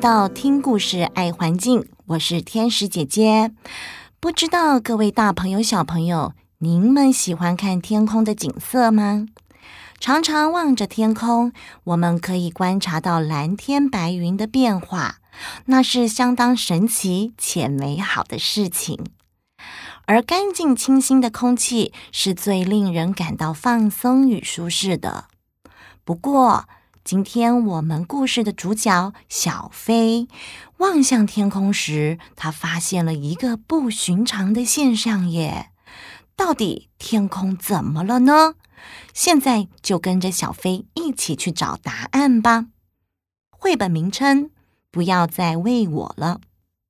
到聽故事愛環境，我是天使姐姐。不知道各位大朋友、小朋友，您們喜歡看天空的景色嗎？常常望着天空，我們可以觀察到藍天白雲的變化，那是相當神奇且美好的事情。而乾淨清新的空氣是最令人感到放鬆與舒適的。不過，今天我們故事的主角小飛望向天空時，他發現了一個不尋常的現象耶！到底天空怎麼了呢？現在就跟着小飛一起去找答案吧。繪本名稱《不要再餵我了》，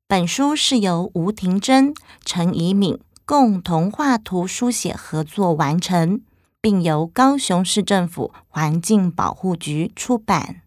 本書是由吳庭榛、陳怡閔共同畫圖、書寫合作完成。並由高雄市政府環境保護局出版。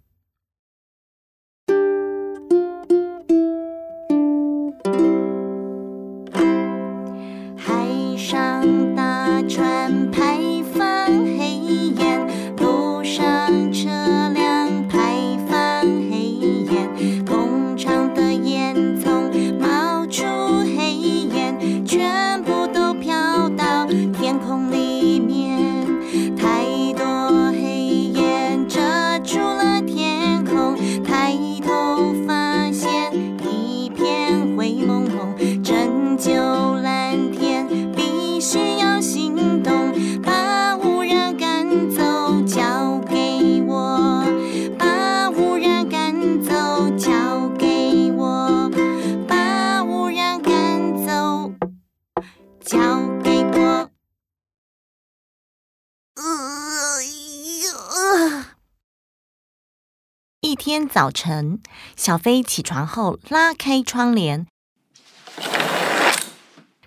天早晨，小飛起床後拉開窗簾，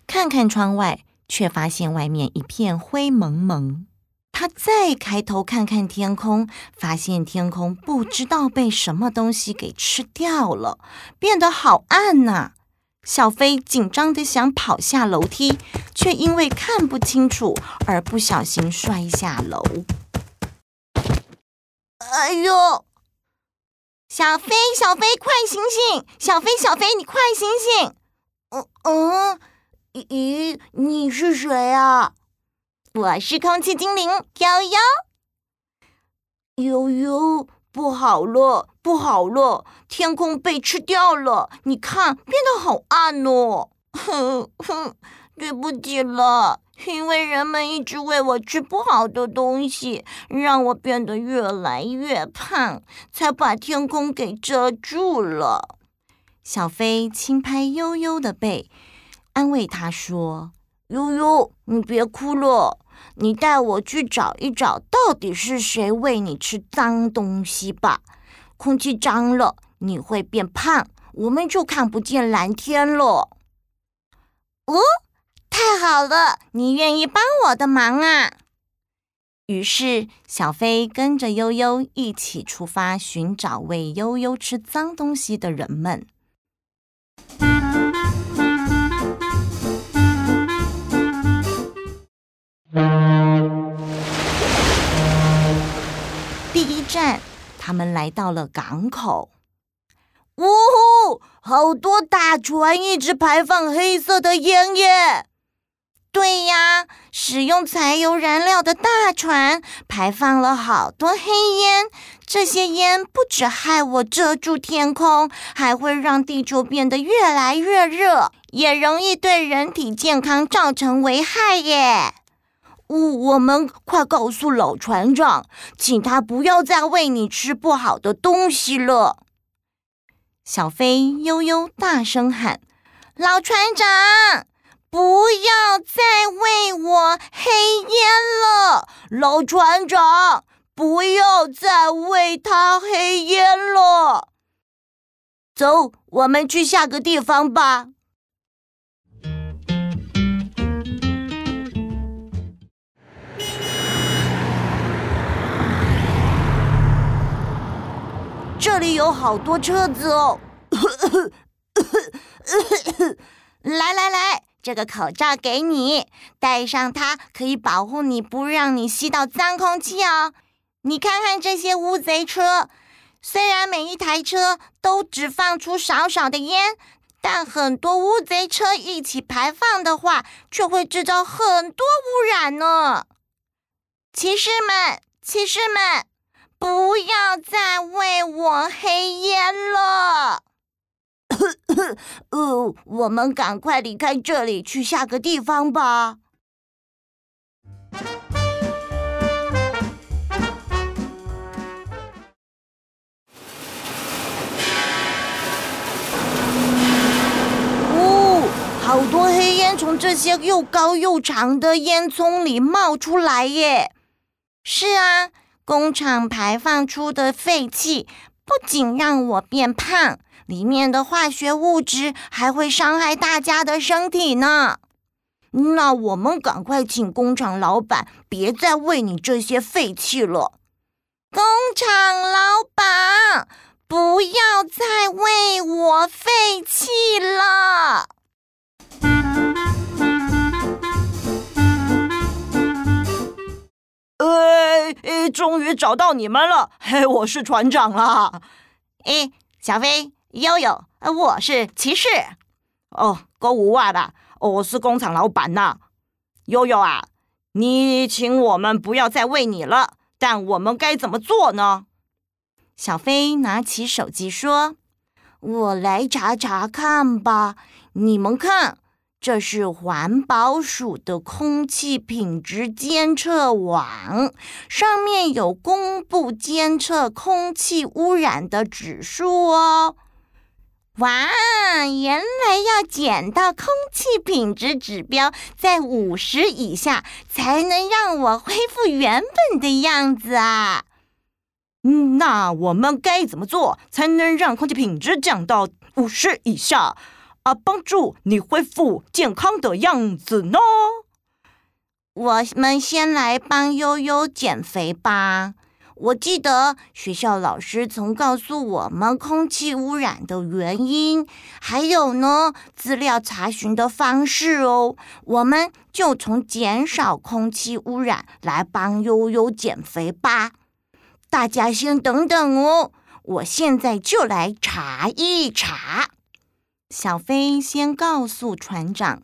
看看窗外，卻發現外面一片灰蒙蒙。他再抬頭看看天空，發現天空不知道被什麼東西給吃掉了，變得好暗吶、啊。小飛緊張的想跑下樓梯，卻因為看不清楚而不小心摔下樓。哎呦！小飛，小飛，快醒醒！小飛，小飛，你快醒醒！嗯嗯，咦咦，你是誰啊？我是空氣精靈悠悠。悠悠，不好了，不好了，天空被吃掉了！你看，變得好暗哦。哼哼，對不起了。因為人們一直餵我吃不好的東西，讓我變得越來越胖，才把天空給遮住了。小飛輕拍悠悠的背，安慰他說：“悠悠，你別哭了，你帶我去找一找到底是誰餵你吃髒東西吧。空氣髒了，你會變胖，我們就看不見藍天了。”嗯，哦。太好了，你願意幫我的忙啊！於是小飛跟着悠悠一起出發，尋找餵悠悠吃髒東西的人們。第一站，他們來到了港口。嗚呼，好多大船一直排放黑色的煙耶。對呀，使用柴油燃料的大船排放了好多黑煙，這些煙不止害我遮住天空，還會讓地球變得越來越熱，也容易對人體健康造成危害耶！我、哦、我們快告訴老船長，請他不要再餵你吃不好的東西了。小飛悠悠大聲喊：“老船長！”不要再餵我黑煙了，老船長！不要再餵他黑煙了。走，我們去下個地方吧。這裡有好多車子哦！ 來來來。這個口罩給你，戴上它可以保護你，不讓你吸到髒空氣哦。你看看這些烏賊車，雖然每一台車都只放出少少的煙，但很多烏賊車一起排放的話，卻會製造很多污染呢。騎士們，騎士們，不要再餵我黑煙了。 呃，我們趕快離開這裡，去下個地方吧。哦，好多黑煙從這些又高又長的煙囪裡冒出來耶！是啊，工廠排放出的廢氣。不僅讓我變胖，裡面的化學物質還會傷害大家的身體呢。那我們趕快請工廠老板別再餵你這些廢氣了。工廠老板，不要再餵我廢氣了。呃、哎哎，終於找到你們了！嘿、哎，我是船長啦！哎，小飛，悠悠，呃，我是騎士。哦，夠五襪的，我是工廠老闆吶。悠悠啊，你請我們不要再喂你了，但我們該怎麼做呢？小飛拿起手機說：“我來查查看吧，你們看。”這是環保署的空氣品質監測網，上面有公布監測空氣污染的指數哦。哇，原來要減到空氣品質指標在五十以下，才能讓我恢復原本的樣子啊！那我們該怎麼做，才能讓空氣品質降到五十以下？啊，幫助你恢復健康的樣子呢。我們先來幫悠悠減肥吧。我記得學校老師曾告訴我們，空氣污染的原因，還有呢，資料查詢的方式哦。我們就從減少空氣污染來幫悠悠減肥吧。大家先等等哦，我現在就來查一查。小飛先告訴船長，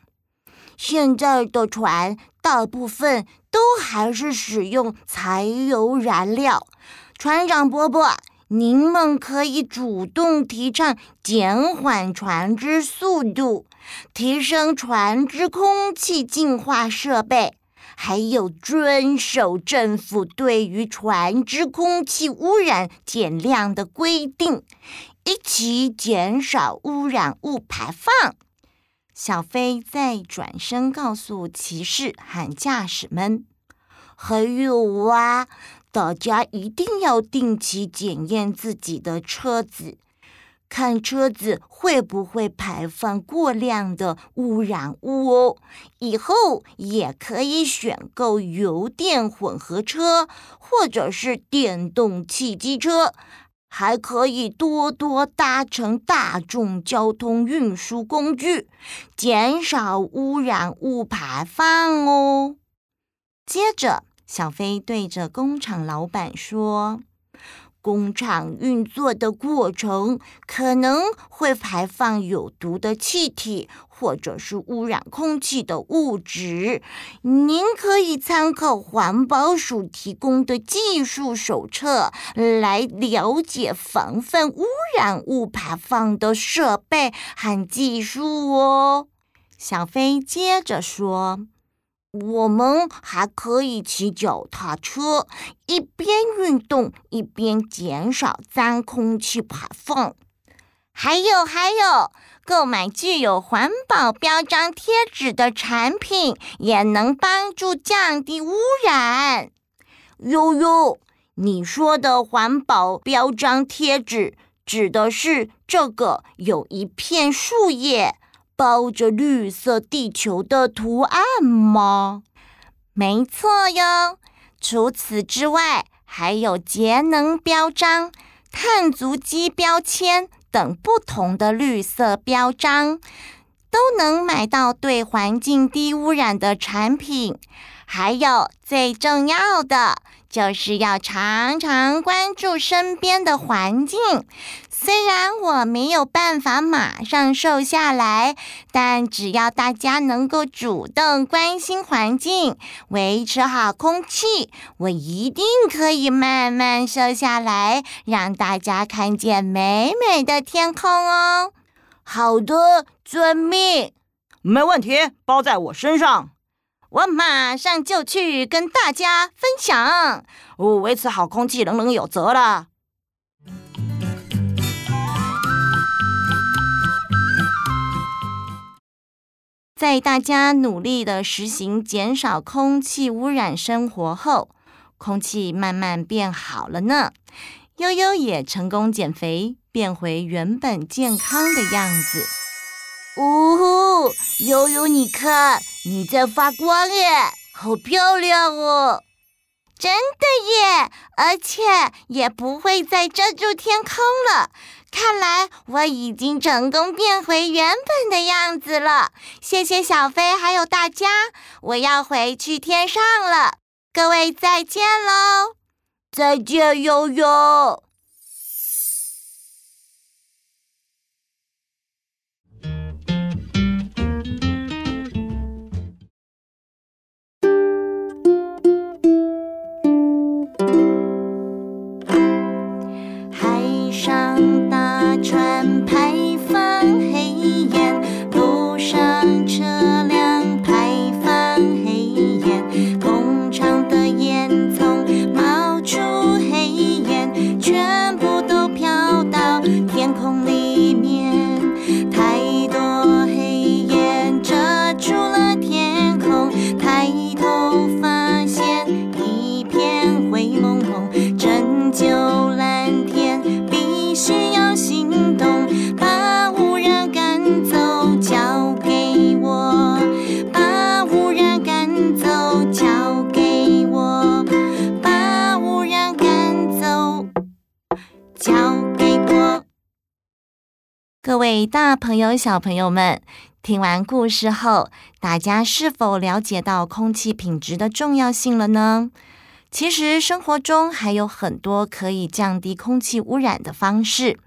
現在的船大部分都還是使用柴油燃料。船長伯伯，您們可以主動提倡減緩船只速度，提升船只空氣淨化設備。還有遵守政府對於船隻空氣污染減量的規定，一起減少污染物排放。小飛再轉身告訴騎士和駕駛們：“還有啊，大家一定要定期檢驗自己的車子。”看車子會不會排放過量的污染物哦，以後也可以選購油電混合車，或者是電動汽機車，還可以多多搭乘大眾交通運輸工具，減少污染物排放哦。接着，小飛對着工廠老板說。工廠運作的過程可能會排放有毒的氣體，或者是污染空氣的物質。您可以參考環保署提供的技術手冊，來了解防範污染物排放的設備和技術哦。小飛接着說。我們還可以騎腳踏車，一邊運動一邊減少髒空氣排放。還有還有，購買具有環保標章貼紙的產品，也能幫助降低污染。悠悠，你說的環保標章貼紙指的是這個，有一片樹葉，包着綠色地球的圖案嗎？沒錯喲。除此之外，還有節能標章、碳足跡標籤等不同的綠色標章，都能買到對環境低污染的產品。還有最重要的，就是要常常關注身邊的環境。雖然我沒有辦法馬上瘦下來，但只要大家能夠主動關心環境，維持好空氣，我一定可以慢慢瘦下來，讓大家看見美美的天空哦。好的，遵命。沒問題，包在我身上。我馬上就去跟大家分享。哦，維持好空氣，人人有責了。在大家努力的實行減少空氣污染生活後，空氣慢慢變好了呢。悠悠也成功減肥，變回原本健康的樣子。嗚呼，悠悠你，你看你在發光耶，好漂亮哦！真的耶，而且也不會再遮住天空了。看來我已經成功變回原本的樣子了。謝謝小飛，還有大家，我要回去天上了。各位再見嘍，再見悠悠。大朋友、小朋友們，聽完故事後，大家是否了解到空氣品質的重要性了呢？其實生活中還有很多可以降低空氣污染的方式。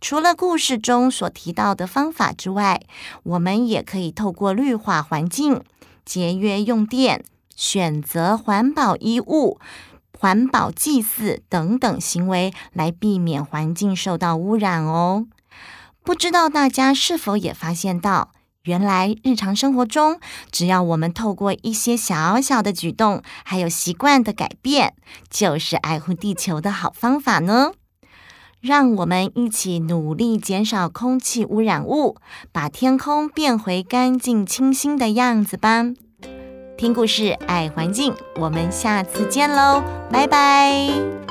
除了故事中所提到的方法之外，我們也可以透過綠化環境、節約用電、選擇環保衣物、環保祭祀等等行為來避免環境受到污染哦。不知道大家是否也發現到，原來日常生活中，只要我們透過一些小小的舉動，還有習慣的改變，就是愛護地球的好方法呢？讓我們一起努力減少空氣汙染物，把天空變回乾淨清新的樣子吧！聽故事，愛環境，我們下次見嘍，拜拜。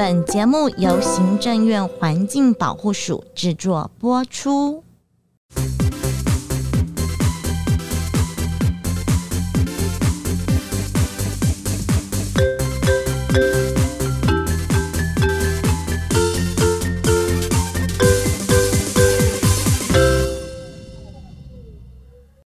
本節目由行政院環境保護署製作播出。